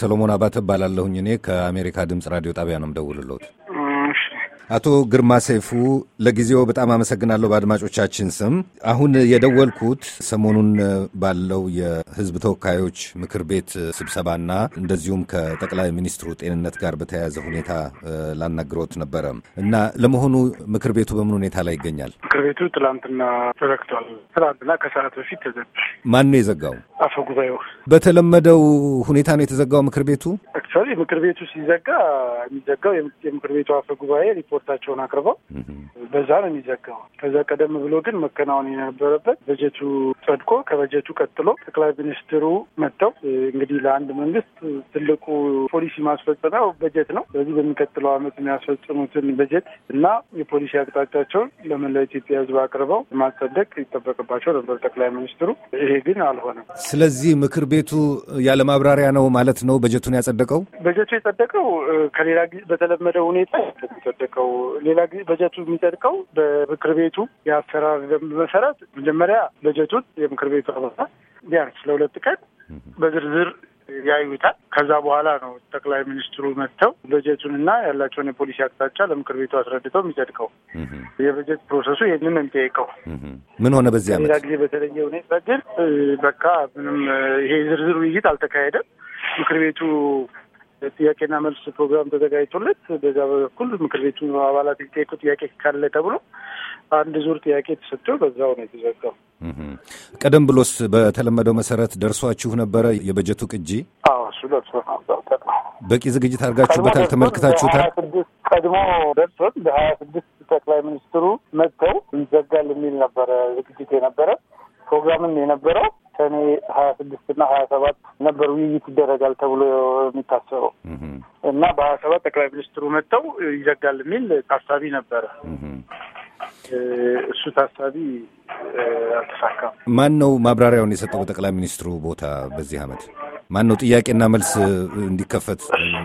ሰሎሞን አባተ እባላለሁኝ። እኔ ከአሜሪካ ድምፅ ራዲዮ ጣቢያ ነው የምደውልልዎት። አቶ ግርማ ሰይፉ ለጊዜው በጣም አመሰግናለሁ። በአድማጮቻችን ስም አሁን የደወልኩት ሰሞኑን ባለው የሕዝብ ተወካዮች ምክር ቤት ስብሰባና እንደዚሁም ከጠቅላይ ሚኒስትሩ ጤንነት ጋር በተያያዘ ሁኔታ ላናግሮት ነበረ እና ለመሆኑ ምክር ቤቱ በምን ሁኔታ ላይ ይገኛል? ምክር ቤቱ ትላንትና ተዘግቷል። ትላንትና ከሰዓት በፊት ተዘግ ማን ነው የዘጋው? አፈ ጉባኤው። በተለመደው ሁኔታ ነው የተዘጋው ምክር ቤቱ። ምክር ቤቱ ሲዘጋ የሚዘጋው የምክር ቤቱ አፈ ጉባኤ ሪፖርታቸውን አቅርበው በዛ ነው የሚዘጋው። ከዛ ቀደም ብሎ ግን መከናወን የነበረበት በጀቱ ጸድቆ ከበጀቱ ቀጥሎ ጠቅላይ ሚኒስትሩ መጥተው እንግዲህ ለአንድ መንግስት ትልቁ ፖሊሲ ማስፈጸሚያው በጀት ነው። ስለዚህ በሚቀጥለው ዓመት የሚያስፈጽሙትን በጀት እና የፖሊሲ አቅጣጫቸውን ለመላ ኢትዮጵያ ህዝብ አቅርበው ማጸደቅ ይጠበቅባቸው ነበር ጠቅላይ ሚኒስትሩ። ይሄ ግን አልሆነም። ስለዚህ ምክር ቤቱ ያለ ማብራሪያ ነው ማለት ነው በጀቱን ያጸደቀው። በጀቱ የጸደቀው ከሌላ በተለመደ ሁኔታ የጸደቀው ነው። ሌላ ጊዜ በጀቱ የሚጸድቀው በምክር ቤቱ የአሰራር ደንብ መሰረት መጀመሪያ በጀቱን የምክር ቤቱ አባላት ቢያንስ ለሁለት ቀን በዝርዝር ያዩታል። ከዛ በኋላ ነው ጠቅላይ ሚኒስትሩ መጥተው እና ያላቸውን የፖሊሲ አቅጣጫ ለምክር ቤቱ አስረድተው የሚጸድቀው። የበጀት ፕሮሰሱ ይህንን ነው የሚጠይቀው። ምን ሆነ በዚህ ሌላ ጊዜ በተለየ ሁኔታ ግን በቃ ምንም ይሄ ዝርዝር ውይይት አልተካሄደም። ምክር ቤቱ ጥያቄና መልስ ፕሮግራም ተዘጋጅቶለት በዛ በኩል ምክር ቤቱ አባላት ሊጠይቁ ጥያቄ ካለ ተብሎ አንድ ዙር ጥያቄ ተሰጥቶ በዛው ነው የተዘጋው። ቀደም ብሎስ በተለመደው መሰረት ደርሷችሁ ነበረ የበጀቱ ቅጂ? አዎ እሱ ደርሶ በቂ ዝግጅት አድርጋችሁበታል? ተመልክታችሁታል? ቀድሞ ደርሶን በሀያ ስድስት ጠቅላይ ሚኒስትሩ መጥተው ይዘጋል የሚል ነበረ ዝግጅት የነበረ ፕሮግራምም የነበረው ሰኔ ሀያ ስድስት እና ሀያ ሰባት ነበር ውይይት ይደረጋል ተብሎ የሚታሰበው እና በሀያ ሰባት ጠቅላይ ሚኒስትሩ መጥተው ይዘጋል የሚል ታሳቢ ነበረ። እሱ ታሳቢ አልተሳካም። ማን ነው ማብራሪያውን የሰጠው? ጠቅላይ ሚኒስትሩ ቦታ በዚህ አመት ማን ነው ጥያቄና መልስ እንዲከፈት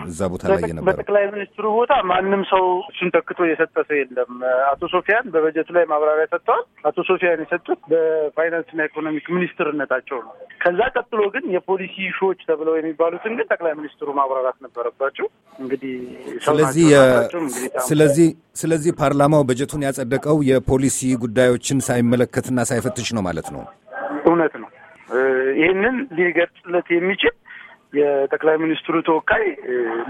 እዛ ቦታ ላይ የነበረ? በጠቅላይ ሚኒስትሩ ቦታ ማንም ሰው እሱን ተክቶ የሰጠ ሰው የለም። አቶ ሶፊያን በበጀቱ ላይ ማብራሪያ ሰጥተዋል። አቶ ሶፊያን የሰጡት በፋይናንስና ኢኮኖሚክ ሚኒስትርነታቸው ነው። ከዛ ቀጥሎ ግን የፖሊሲ ሾዎች ተብለው የሚባሉትን ግን ጠቅላይ ሚኒስትሩ ማብራራት ነበረባቸው። እንግዲህ ስለዚህ ስለዚህ ስለዚህ ፓርላማው በጀቱን ያጸደቀው የፖሊሲ ጉዳዮችን ሳይመለከትና ሳይፈትሽ ነው ማለት ነው። እውነት ነው። ይህንን ሊገልጽለት የሚችል የጠቅላይ ሚኒስትሩ ተወካይ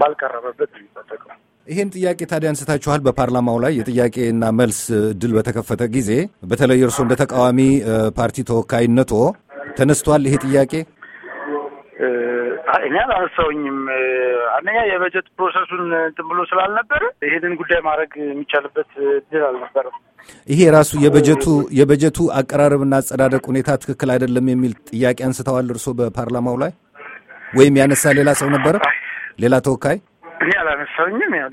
ባልቀረበበት ነው የሚጠጠቀው። ይህን ጥያቄ ታዲያ አንስታችኋል። በፓርላማው ላይ የጥያቄና መልስ እድል በተከፈተ ጊዜ በተለይ እርስዎ እንደ ተቃዋሚ ፓርቲ ተወካይነቶ ተነስቷል ይሄ ጥያቄ? እኔ አላነሳውኝም። የበጀት ፕሮሰሱን እንትን ብሎ ስላልነበረ ይሄንን ጉዳይ ማድረግ የሚቻልበት እድል አልነበረም። ይሄ ራሱ የበጀቱ የበጀቱ አቀራረብና አጸዳደቅ ሁኔታ ትክክል አይደለም የሚል ጥያቄ አንስተዋል እርስዎ በፓርላማው ላይ ወይም ያነሳ ሌላ ሰው ነበረ? ሌላ ተወካይ? እኔ ያው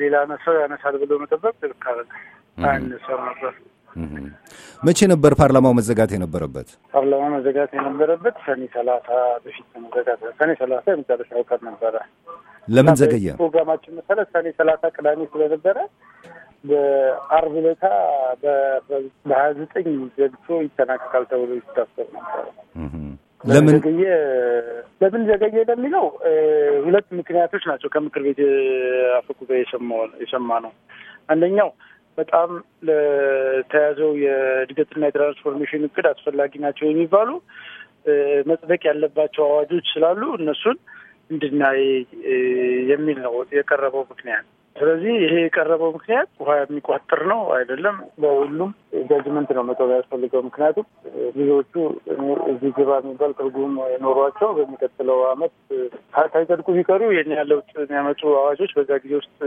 ሌላ ሰው ያነሳል ብሎ መጠበቅ ትክክል አነሳው ነበር መቼ ነበር ፓርላማው መዘጋት የነበረበት? ፓርላማው መዘጋት የነበረበት ሰኔ ሰላሳ በፊት መዘጋት ሰኔ ሰላሳ የመጨረሻው ቀን ነበረ። ለምን ዘገየ? ፕሮግራማችን መሰረት ሰኔ ሰላሳ ቅዳሜ ስለነበረ በአርብ ዕለት በሀያ ዘጠኝ ዘግቶ ይጠናቀቃል ተብሎ ይታሰብ ነበረ። ለምን ዘገየ ለምን ዘገየ ለሚለው ሁለት ምክንያቶች ናቸው። ከምክር ቤት አፈ ጉባኤ የሰማ ነው። አንደኛው በጣም ለተያዘው የእድገትና የትራንስፎርሜሽን እቅድ አስፈላጊ ናቸው የሚባሉ መጽደቅ ያለባቸው አዋጆች ስላሉ እነሱን እንድናይ የሚል ነው የቀረበው ምክንያት። ስለዚህ ይሄ የቀረበው ምክንያት ውሃ የሚቋጥር ነው አይደለም። በሁሉም ጃጅመንት ነው መተው ያስፈልገው። ምክንያቱም ብዙዎቹ እዚህ ግባ የሚባል ትርጉም የኖሯቸው በሚቀጥለው አመት ሳይጸድቁ ቢቀሩ ይህን ውጭ የሚያመጡ አዋጆች በዛ ጊዜ ውስጥ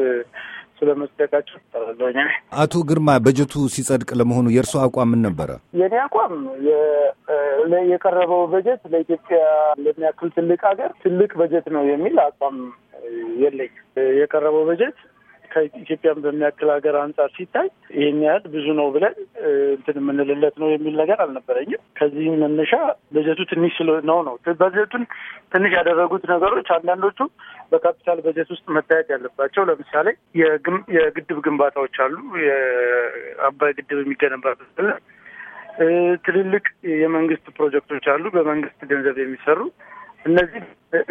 ስለመጽደቃቸው ይጠራለሁ። አቶ ግርማ በጀቱ ሲጸድቅ ለመሆኑ የእርሶ አቋም ምን ነበረ? የእኔ አቋም የቀረበው በጀት ለኢትዮጵያ ለሚያክል ትልቅ ሀገር ትልቅ በጀት ነው የሚል አቋም የለኝ። የቀረበው በጀት ከኢትዮጵያን በሚያክል ሀገር አንጻር ሲታይ ይህን ያህል ብዙ ነው ብለን እንትን የምንልለት ነው የሚል ነገር አልነበረኝም። ከዚህ መነሻ በጀቱ ትንሽ ነው ነው በጀቱን ትንሽ ያደረጉት ነገሮች አንዳንዶቹ በካፒታል በጀት ውስጥ መታየት ያለባቸው ለምሳሌ የግድብ ግንባታዎች አሉ። የአባይ ግድብ የሚገነባበት ትልልቅ የመንግስት ፕሮጀክቶች አሉ፣ በመንግስት ገንዘብ የሚሰሩ እነዚህ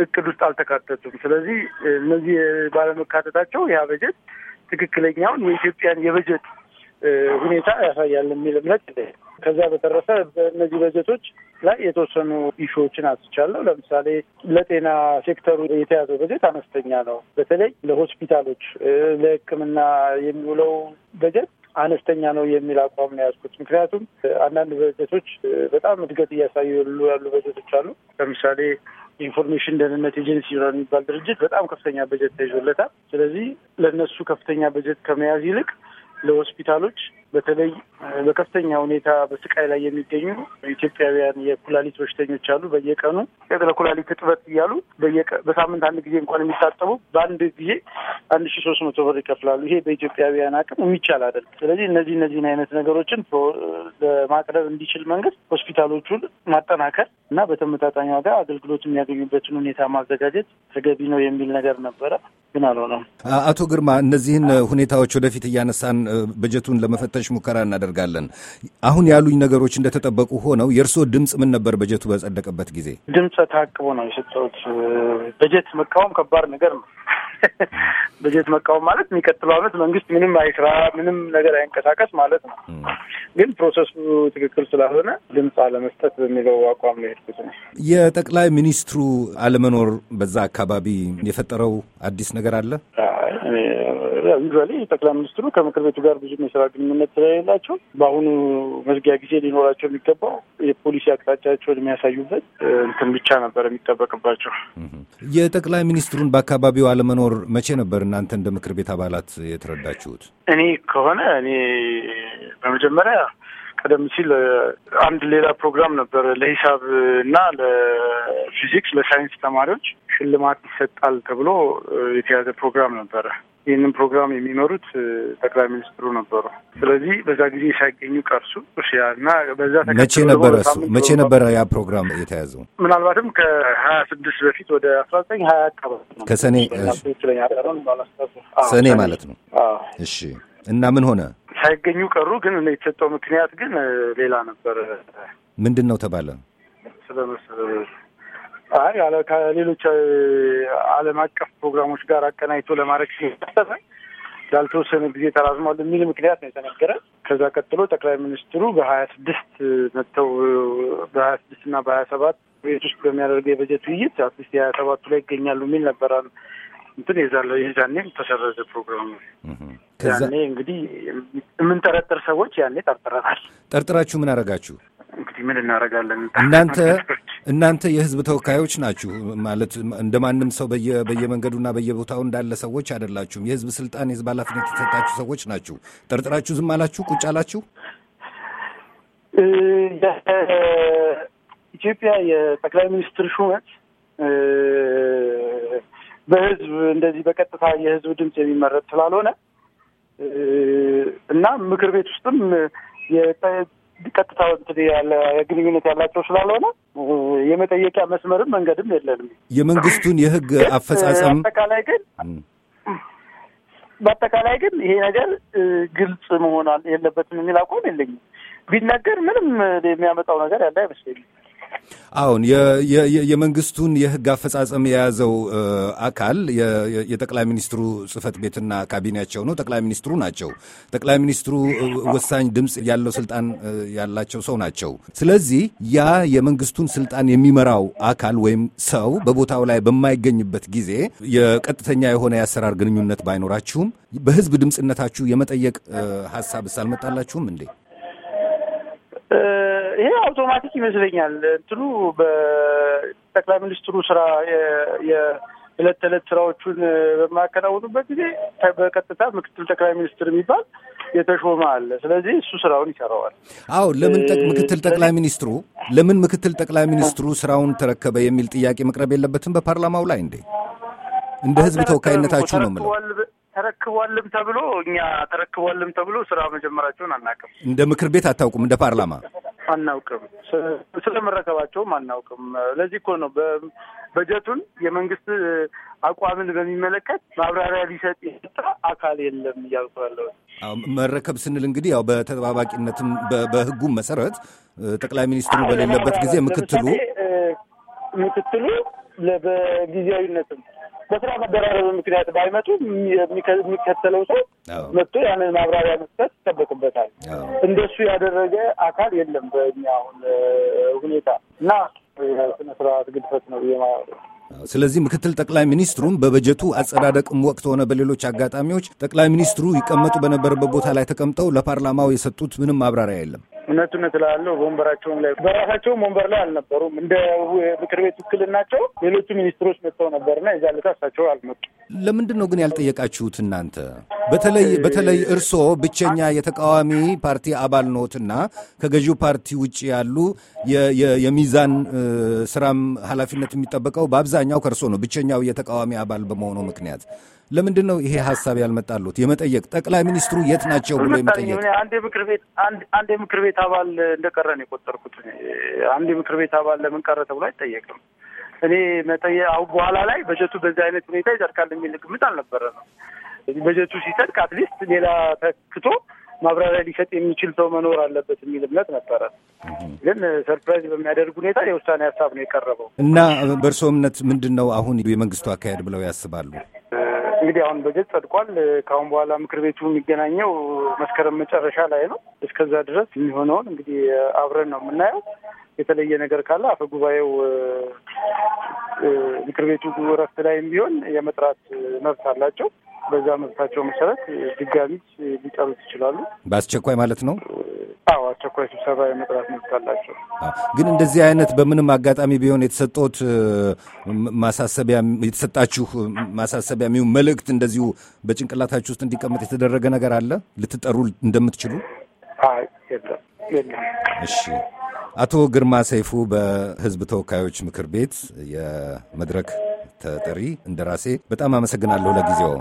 እቅድ ውስጥ አልተካተቱም። ስለዚህ እነዚህ ባለመካተታቸው ያ በጀት ትክክለኛውን የኢትዮጵያን የበጀት ሁኔታ ያሳያል የሚል እምነት ከዛ በተረፈ በእነዚህ በጀቶች ላይ የተወሰኑ ኢሹዎችን አስቻለሁ። ለምሳሌ ለጤና ሴክተሩ የተያዘው በጀት አነስተኛ ነው። በተለይ ለሆስፒታሎች፣ ለሕክምና የሚውለው በጀት አነስተኛ ነው የሚል አቋም ነው ያዝኩት። ምክንያቱም አንዳንድ በጀቶች በጣም እድገት እያሳዩ ያሉ በጀቶች አሉ። ለምሳሌ የኢንፎርሜሽን ደህንነት ኤጀንሲ ይኖራል የሚባል ድርጅት በጣም ከፍተኛ በጀት ተይዞለታል። ስለዚህ ለእነሱ ከፍተኛ በጀት ከመያዝ ይልቅ ለሆስፒታሎች በተለይ በከፍተኛ ሁኔታ በስቃይ ላይ የሚገኙ ኢትዮጵያውያን የኩላሊት በሽተኞች አሉ። በየቀኑ ኩላሊት እጥበት እያሉ በሳምንት አንድ ጊዜ እንኳን የሚታጠቡ በአንድ ጊዜ አንድ ሺ ሶስት መቶ ብር ይከፍላሉ። ይሄ በኢትዮጵያውያን አቅም የሚቻል አይደለም። ስለዚህ እነዚህ እነዚህን አይነት ነገሮችን ለማቅረብ እንዲችል መንግስት ሆስፒታሎቹን ማጠናከር እና በተመጣጣኝ ዋጋ አገልግሎት የሚያገኙበትን ሁኔታ ማዘጋጀት ተገቢ ነው የሚል ነገር ነበረ፣ ግን አልሆነም። አቶ ግርማ እነዚህን ሁኔታዎች ወደፊት እያነሳን በጀቱን ለመፈተሽ ለመፈተሽ ሙከራ እናደርጋለን። አሁን ያሉኝ ነገሮች እንደተጠበቁ ሆነው የእርስዎ ድምፅ ምን ነበር? በጀቱ በጸደቀበት ጊዜ ድምፅ ታቅቦ ነው የሰጠሁት። በጀት መቃወም ከባድ ነገር ነው። በጀት መቃወም ማለት የሚቀጥለው ዓመት መንግስት ምንም አይስራ፣ ምንም ነገር አይንቀሳቀስ ማለት ነው። ግን ፕሮሰሱ ትክክል ስላልሆነ ድምፅ አለመስጠት በሚለው አቋም ነው የሄድኩት። የጠቅላይ ሚኒስትሩ አለመኖር በዛ አካባቢ የፈጠረው አዲስ ነገር አለ ዩዥዋሊ ጠቅላይ ሚኒስትሩ ከምክር ቤቱ ጋር ብዙም የስራ ግንኙነት ስለሌላቸው በአሁኑ መዝጊያ ጊዜ ሊኖራቸው የሚገባው የፖሊሲ አቅጣጫቸውን የሚያሳዩበት እንትን ብቻ ነበር የሚጠበቅባቸው። የጠቅላይ ሚኒስትሩን በአካባቢው አለመኖር መቼ ነበር እናንተ እንደ ምክር ቤት አባላት የተረዳችሁት? እኔ ከሆነ እኔ በመጀመሪያ ቀደም ሲል አንድ ሌላ ፕሮግራም ነበር ለሂሳብ እና ለፊዚክስ ለሳይንስ ተማሪዎች ሽልማት ይሰጣል ተብሎ የተያዘ ፕሮግራም ነበረ። ይህንን ፕሮግራም የሚመሩት ጠቅላይ ሚኒስትሩ ነበሩ። ስለዚህ በዛ ጊዜ ሳይገኙ ቀርሱ ሩሲያ እና በዛ መቼ ነበረ እሱ መቼ ነበረ ያ ፕሮግራም የተያዘው? ምናልባትም ከሀያ ስድስት በፊት ወደ አስራ ዘጠኝ ሀያ አካባቢ ነው ከሰኔ ሰኔ ማለት ነው። እሺ እና ምን ሆነ? ሳይገኙ ቀሩ። ግን የተሰጠው ምክንያት ግን ሌላ ነበረ። ምንድን ነው ተባለ ስለ አይ አለ ከሌሎች ዓለም አቀፍ ፕሮግራሞች ጋር አቀናጅቶ ለማድረግ ሲታሰበኝ ያልተወሰነ ጊዜ ተራዝሟል የሚል ምክንያት ነው የተነገረ። ከዛ ቀጥሎ ጠቅላይ ሚኒስትሩ በሀያ ስድስት መጥተው በሀያ ስድስት እና በሀያ ሰባት ቤት ውስጥ በሚያደርገው የበጀት ውይይት አትሊስት የሀያ ሰባቱ ላይ ይገኛሉ የሚል ነበረ። እንትን የዛለው የዛኔም ተሰረዘ ፕሮግራሙ። ያኔ እንግዲህ የምንጠረጥር ሰዎች ያኔ ጠርጥረናል። ጠርጥራችሁ ምን አረጋችሁ? እንግዲህ ምን እናደርጋለን? እናንተ እናንተ የህዝብ ተወካዮች ናችሁ ማለት እንደ ማንም ሰው በየመንገዱና በየቦታው እንዳለ ሰዎች አይደላችሁም። የህዝብ ስልጣን፣ የህዝብ ኃላፊነት የተሰጣችሁ ሰዎች ናችሁ። ጠርጥራችሁ ዝም አላችሁ፣ ቁጭ አላችሁ። ኢትዮጵያ የጠቅላይ ሚኒስትር ሹመት በህዝብ እንደዚህ በቀጥታ የህዝብ ድምፅ የሚመረጥ ስላልሆነ እና ምክር ቤት ውስጥም ቀጥታ ግንኙነት ያላቸው ስላልሆነ የመጠየቂያ መስመርም መንገድም የለንም። የመንግስቱን የህግ አፈጻጸም አጠቃላይ ግን በአጠቃላይ ግን ይሄ ነገር ግልጽ መሆን የለበትም የሚል አቋም የለኝም። ቢነገር ምንም የሚያመጣው ነገር ያለ አይመስለኝም። አሁን የመንግስቱን የህግ አፈጻጸም የያዘው አካል የጠቅላይ ሚኒስትሩ ጽህፈት ቤትና ካቢኔያቸው ነው። ጠቅላይ ሚኒስትሩ ናቸው። ጠቅላይ ሚኒስትሩ ወሳኝ ድምፅ ያለው ስልጣን ያላቸው ሰው ናቸው። ስለዚህ ያ የመንግስቱን ስልጣን የሚመራው አካል ወይም ሰው በቦታው ላይ በማይገኝበት ጊዜ የቀጥተኛ የሆነ የአሰራር ግንኙነት ባይኖራችሁም በህዝብ ድምፅነታችሁ የመጠየቅ ሀሳብ ሳልመጣላችሁም እንዴ? ይሄ አውቶማቲክ ይመስለኛል። እንትኑ በጠቅላይ ሚኒስትሩ ስራ የእለት ተዕለት ስራዎቹን በማያከናውኑበት ጊዜ በቀጥታ ምክትል ጠቅላይ ሚኒስትር የሚባል የተሾመ አለ። ስለዚህ እሱ ስራውን ይሰራዋል። አዎ ለምን ምክትል ጠቅላይ ሚኒስትሩ ለምን ምክትል ጠቅላይ ሚኒስትሩ ስራውን ተረከበ የሚል ጥያቄ መቅረብ የለበትም በፓርላማው ላይ እንዴ? እንደ ህዝብ ተወካይነታችሁ ነው የምለው ተረክቧልም ተብሎ እኛ ተረክቧልም ተብሎ ስራ መጀመራቸውን አናውቅም። እንደ ምክር ቤት አታውቁም? እንደ ፓርላማ አናውቅም። ስለመረከባቸውም አናውቅም። ለዚህ እኮ ነው በጀቱን የመንግስት አቋምን በሚመለከት ማብራሪያ ሊሰጥ የመጣ አካል የለም እያልኩ ያለሁት። መረከብ ስንል እንግዲህ ያው በተጠባባቂነትም በህጉም መሰረት ጠቅላይ ሚኒስትሩ በሌለበት ጊዜ ምክትሉ ምክትሉ በጊዜያዊነትም በስራ መደራረብ ምክንያት ባይመጡ የሚከተለው ሰው መጥቶ ያንን ማብራሪያ መስጠት ይጠበቅበታል። እንደሱ ያደረገ አካል የለም በእኛ አሁን ሁኔታ እና ስርዓት ግድፈት ነው። ስለዚህ ምክትል ጠቅላይ ሚኒስትሩም በበጀቱ አጸዳደቅም ወቅት ሆነ በሌሎች አጋጣሚዎች ጠቅላይ ሚኒስትሩ ይቀመጡ በነበረበት ቦታ ላይ ተቀምጠው ለፓርላማው የሰጡት ምንም ማብራሪያ የለም። እውነቱን እላለሁ። በወንበራቸውም ላይ በራሳቸውም ወንበር ላይ አልነበሩም። እንደ ምክር ቤት ውክልናቸው ሌሎቹ ሚኒስትሮች መጥተው ነበርና የዛ ዕለት እሳቸው አልመጡ። ለምንድን ነው ግን ያልጠየቃችሁት እናንተ? በተለይ በተለይ እርስዎ ብቸኛ የተቃዋሚ ፓርቲ አባል ኖትና ከገዢው ፓርቲ ውጭ ያሉ የሚዛን ስራም ኃላፊነት የሚጠበቀው በአብዛኛው ከእርስዎ ነው፣ ብቸኛው የተቃዋሚ አባል በመሆኑ ምክንያት ለምንድን ነው ይሄ ሀሳብ ያልመጣሉት? የመጠየቅ ጠቅላይ ሚኒስትሩ የት ናቸው ብሎ የመጠየቅ አንድ የምክር ቤት አንድ የምክር ቤት አባል እንደቀረ ነው የቆጠርኩት። አንድ የምክር ቤት አባል ለምን ቀረ ተብሎ አይጠየቅም። እኔ መጠየቅ አሁን በኋላ ላይ በጀቱ በዚህ አይነት ሁኔታ ይጸድቃል የሚል ግምት አልነበረ ነው። በጀቱ ሲጸድቅ አትሊስት ሌላ ተክቶ ማብራሪያ ሊሰጥ የሚችል ሰው መኖር አለበት የሚል እምነት ነበረ። ግን ሰርፕራይዝ በሚያደርግ ሁኔታ የውሳኔ ሀሳብ ነው የቀረበው እና በእርስዎ እምነት ምንድን ነው አሁን የመንግስቱ አካሄድ ብለው ያስባሉ? እንግዲህ አሁን በጀት ጸድቋል። ከአሁን በኋላ ምክር ቤቱ የሚገናኘው መስከረም መጨረሻ ላይ ነው። እስከዛ ድረስ የሚሆነውን እንግዲህ አብረን ነው የምናየው። የተለየ ነገር ካለ አፈ ጉባኤው ምክር ቤቱ እረፍት ላይም ቢሆን የመጥራት መብት አላቸው። በዛ መብታቸው መሰረት ድጋሚ ሊጠሩት ይችላሉ። በአስቸኳይ ማለት ነው። አዎ አስቸኳይ ስብሰባ የመጥራት መብት አላቸው። ግን እንደዚህ አይነት በምንም አጋጣሚ ቢሆን የተሰጦት ማሳሰቢያ የተሰጣችሁ ማሳሰቢያ የሚሆን መልእክት እንደዚሁ በጭንቅላታችሁ ውስጥ እንዲቀመጥ የተደረገ ነገር አለ ልትጠሩ እንደምትችሉ? እሺ። አቶ ግርማ ሰይፉ በህዝብ ተወካዮች ምክር ቤት የመድረክ ተጠሪ እንደራሴ፣ በጣም አመሰግናለሁ ለጊዜው።